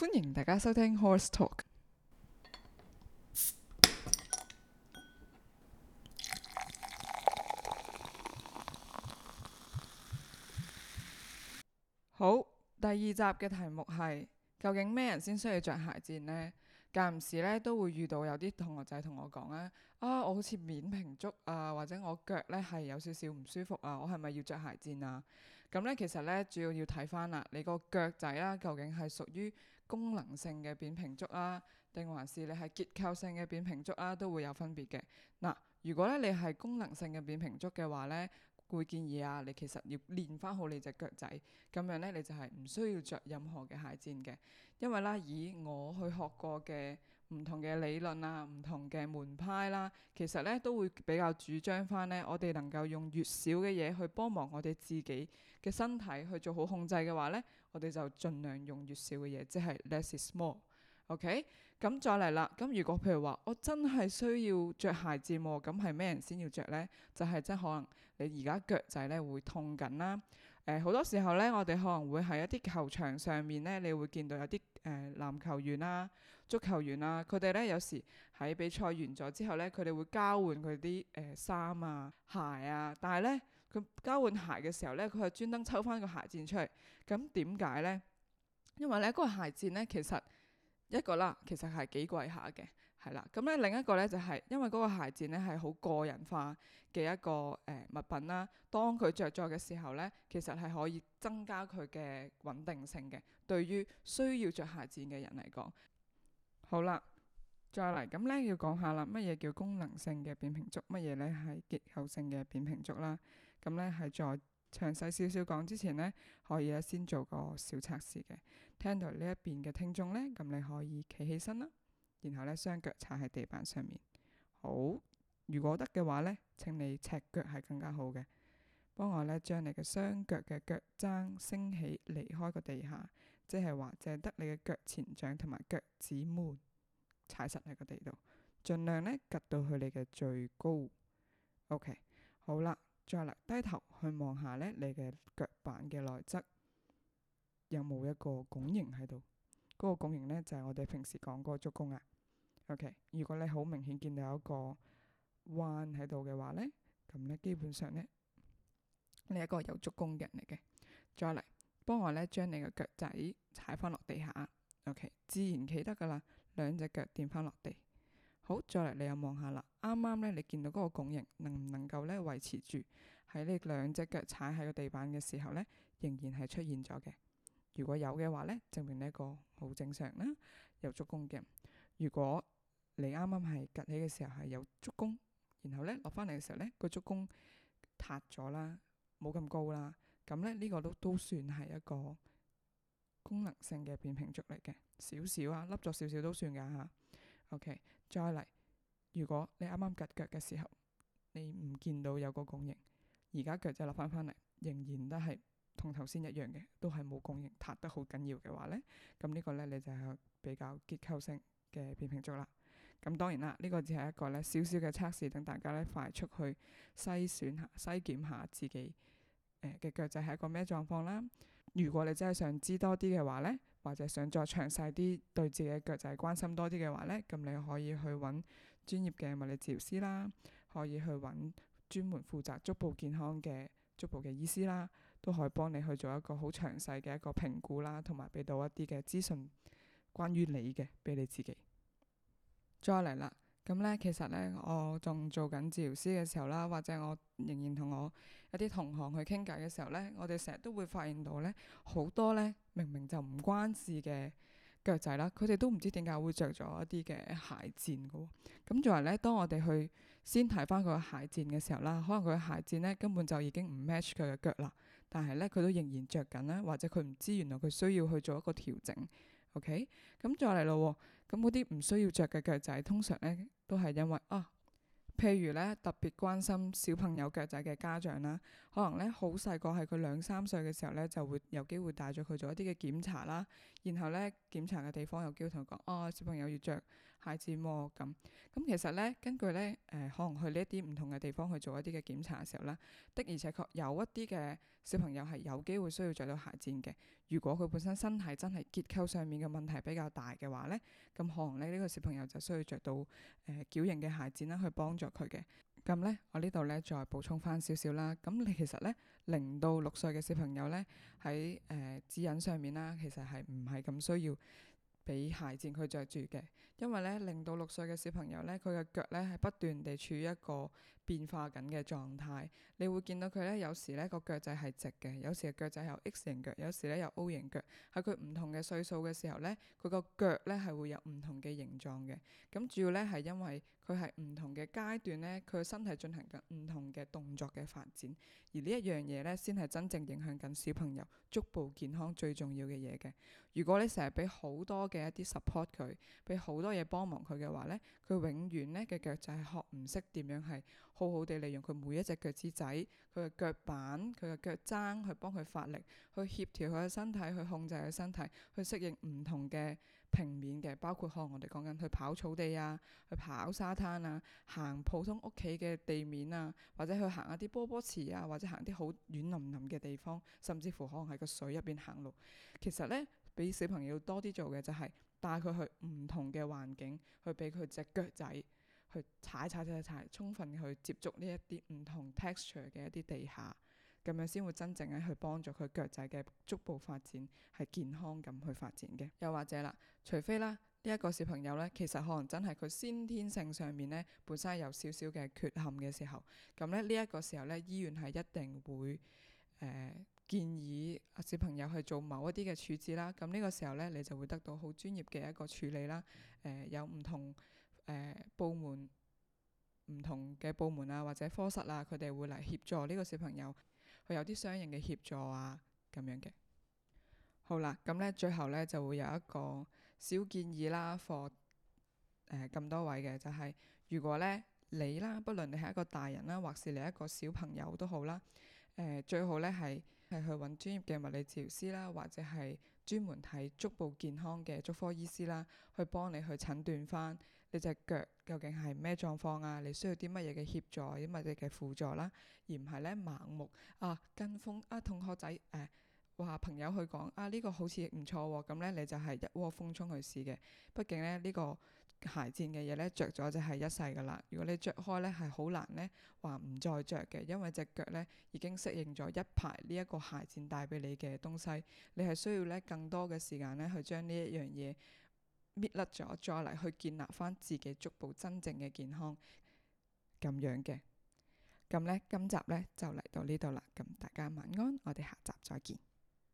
歡迎大家收聽《Horis Talk》。好，第二集嘅題目係究竟咩人先需要着鞋墊呢？間唔時呢，都會遇到有啲同學仔同我講咧，啊，我好似扁平足啊，或者我腳呢係有少少唔舒服啊，我係咪要着鞋墊啊？咁咧、嗯，其實咧，主要要睇返啦，你個腳仔啦，究竟係屬於功能性嘅扁平足啊，定還是你係結構性嘅扁平足啊，都會有分別嘅。嗱，如果咧你係功能性嘅扁平足嘅話咧。會建議啊，你其實要練翻好你隻腳仔，咁樣呢，你就係唔需要着任何嘅鞋墊嘅，因為啦，以我去學過嘅唔同嘅理論啊、唔同嘅門派啦，其實呢，都會比較主張翻呢。我哋能夠用越少嘅嘢去幫忙我哋自己嘅身體去做好控制嘅話呢，我哋就儘量用越少嘅嘢，即係 less is more。OK，咁再嚟啦。咁如果譬如話，我真係需要着鞋墊喎，咁係咩人先要着呢？就係、係、即可能你而家腳仔呢會痛緊啦。誒、呃，好多時候呢，我哋可能會喺一啲球場上面呢，你會見到有啲誒籃球員啦、啊、足球員啦、啊，佢哋呢有時喺比賽完咗之後呢，佢哋會交換佢啲誒衫啊、鞋啊。但係呢，佢交換鞋嘅時候呢，佢係專登抽翻個鞋墊出嚟。咁點解呢？因為呢嗰個鞋墊呢，其實。一個啦，其實係幾貴下嘅，係啦。咁咧另一個咧就係因為嗰個鞋墊咧係好個人化嘅一個誒物品啦。當佢着咗嘅時候咧，其實係可以增加佢嘅穩定性嘅。對於需要着鞋墊嘅人嚟講，好啦，再嚟咁咧要講下啦。乜嘢叫功能性嘅扁平足？乜嘢咧係結構性嘅扁平足啦？咁咧係再，詳細少少講之前呢，可以先做個小測試嘅。聽到呢一邊嘅聽眾呢，咁你可以企起身啦，然後呢雙腳踩喺地板上面。好，如果得嘅話呢，請你赤腳係更加好嘅。幫我呢將你嘅雙腳嘅腳踭升起，離開個地下，即係話淨係得你嘅腳前掌同埋腳趾門踩實喺個地度，盡量呢及到去你嘅最高。OK，好啦。再嚟，低頭去望下咧，你嘅腳板嘅內側有冇一個拱形喺度？嗰個拱形咧就係我哋平時講嗰個足弓啊。OK，如果你好明顯見到有一個彎喺度嘅話咧，咁咧基本上咧你係一個有足弓嘅人嚟嘅。再嚟，幫我咧將你嘅腳仔踩翻落地下。OK，自然企得㗎喇，兩隻腳掂翻落地。好，再嚟你又望下啦。啱啱咧，你見到嗰個拱形能唔能夠咧維持住喺你兩隻腳踩喺個地板嘅時候咧，仍然係出現咗嘅。如果有嘅話咧，證明呢一個好正常啦，有足弓嘅。如果你啱啱係趷起嘅時候係有足弓，然後咧落翻嚟嘅時候咧個足弓塌咗啦，冇咁高啦，咁咧呢個都都算係一個功能性嘅扁平足嚟嘅，少少啊，凹咗少少都算噶嚇。O.K. 再嚟，如果你啱啱趷腳嘅時候，你唔見到有個拱形，而家腳仔落翻翻嚟，仍然都係同頭先一樣嘅，都係冇拱形，塌得好緊要嘅話咧，咁、呢個、呢、就係、個咧你就係比較結構性嘅扁平足啦。咁當然啦，呢、呢個只係一個咧小小嘅測試，等大家咧快速去篩選下、篩檢下自己誒嘅腳仔係一個咩狀況啦。如果你真係想知多啲嘅話咧，或者想再詳細啲對自己腳仔關心多啲嘅話咧，咁你可以去揾專業嘅物理治療師啦，可以去揾專門負責足部健康嘅足部嘅醫師啦，都可以幫你去做一個好詳細嘅一個評估啦，同埋俾到一啲嘅資訊關於你嘅俾你自己。再嚟啦。咁咧，其實咧，我仲做緊治療師嘅時候啦，或者我仍然同我一啲同行去傾偈嘅時候咧，我哋成日都會發現到咧，好多咧，明明就唔關事嘅腳仔啦，佢哋都唔知點解會着咗一啲嘅鞋墊嘅。咁就係咧，當我哋去先睇返佢嘅鞋墊嘅時候啦，可能佢嘅鞋墊咧根本就已經唔 match 佢嘅腳啦，但係咧佢都仍然着緊啦，或者佢唔知原來佢需要去做一個調整。O.K. 咁再嚟咯，咁嗰啲唔需要着嘅腳仔，通常咧都係因為啊，譬如咧特別關心小朋友腳仔嘅家長啦，可能咧好細個係佢兩三歲嘅時候咧就會有機會帶咗佢做一啲嘅檢查啦，然後咧檢查嘅地方又叫同佢講啊，小朋友要着。」鞋墊喎咁，咁其實咧，根據咧，誒、呃，可能去呢一啲唔同嘅地方去做一啲嘅檢查嘅時候咧，的而且確有一啲嘅小朋友係有機會需要着到鞋墊嘅。如果佢本身身體真係結構上面嘅問題比較大嘅話咧，咁可能咧呢、這個小朋友就需要着到誒矯、呃、形嘅鞋墊啦，去幫助佢嘅。咁咧，我呢度咧再補充翻少少啦。咁你其實咧，零到六歲嘅小朋友咧，喺誒、呃、指引上面啦，其實係唔係咁需要？俾鞋墊佢着住嘅。因為呢，零到六歲嘅小朋友呢，佢嘅腳呢係不斷地處於一個變化緊嘅狀態。你會見到佢呢，有時呢個腳仔係直嘅，有時嘅腳仔又 X 型腳，有時呢有 O 型腳。喺佢唔同嘅歲數嘅時候呢，佢個腳呢係會有唔同嘅形狀嘅。咁主要呢係因為佢係唔同嘅階段呢，佢身體進行緊唔同嘅動作嘅發展。而呢一樣嘢呢，先係真正影響緊小朋友足部健康最重要嘅嘢嘅。如果你成日俾好多嘅。嘅一啲 support 佢，俾好多嘢幫忙佢嘅話呢，佢永遠呢，嘅腳就係學唔識點樣係好好地利用佢每一隻腳趾仔、佢嘅腳板、佢嘅腳踭去幫佢發力，去協調佢嘅身體，去控制佢身體，去適應唔同嘅平面嘅，包括可能我哋講緊去跑草地啊，去跑沙灘啊，行普通屋企嘅地面啊，或者去行一啲波波池啊，或者行啲好軟腍腍嘅地方，甚至乎可能喺個水入邊行路，其實呢。俾小朋友多啲做嘅就係帶佢去唔同嘅環境，去俾佢隻腳仔去踩踩踩踩，充分去接觸呢一啲唔同 texture 嘅一啲地下，咁樣先會真正去幫助佢腳仔嘅足部發展係健康咁去發展嘅。又或者啦，除非啦呢一個小朋友呢，其實可能真係佢先天性上面呢本身有少少嘅缺陷嘅時候，咁咧呢一個時候呢，醫院係一定會誒、呃建議小朋友去做某一啲嘅處置啦，咁呢個時候呢，你就會得到好專業嘅一個處理啦。誒、呃，有唔同誒、呃、部門、唔同嘅部門啊，或者科室啊，佢哋會嚟協助呢個小朋友去有啲相應嘅協助啊，咁樣嘅。好啦，咁呢，最後呢，就會有一個小建議啦畀咁、呃、多位嘅就係、是，如果呢，你啦，不論你係一個大人啦、啊，或是你是一個小朋友都好啦，誒、呃、最好呢係。係去搵專業嘅物理治療師啦，或者係專門睇足部健康嘅足科醫師啦，去幫你去診斷返你隻腳究竟係咩狀況啊？你需要啲乜嘢嘅協助，啲乜嘢嘅輔助啦，而唔係呢盲目啊跟風啊同學仔誒話、啊、朋友去講啊呢、呢個好似唔錯喎、啊，咁呢你就係一窩蜂衝去試嘅。畢竟咧呢、呢個。鞋墊嘅嘢呢，着咗就係一世噶啦。如果你着開呢，係好難呢話唔再着嘅，因為隻腳呢已經適應咗一排呢一個鞋墊帶俾你嘅東西，你係需要呢更多嘅時間呢去將呢一樣嘢搣甩咗，再嚟去建立翻自己足部真正嘅健康咁樣嘅。咁呢，今集呢就嚟到呢度啦。咁大家晚安，我哋下集再見。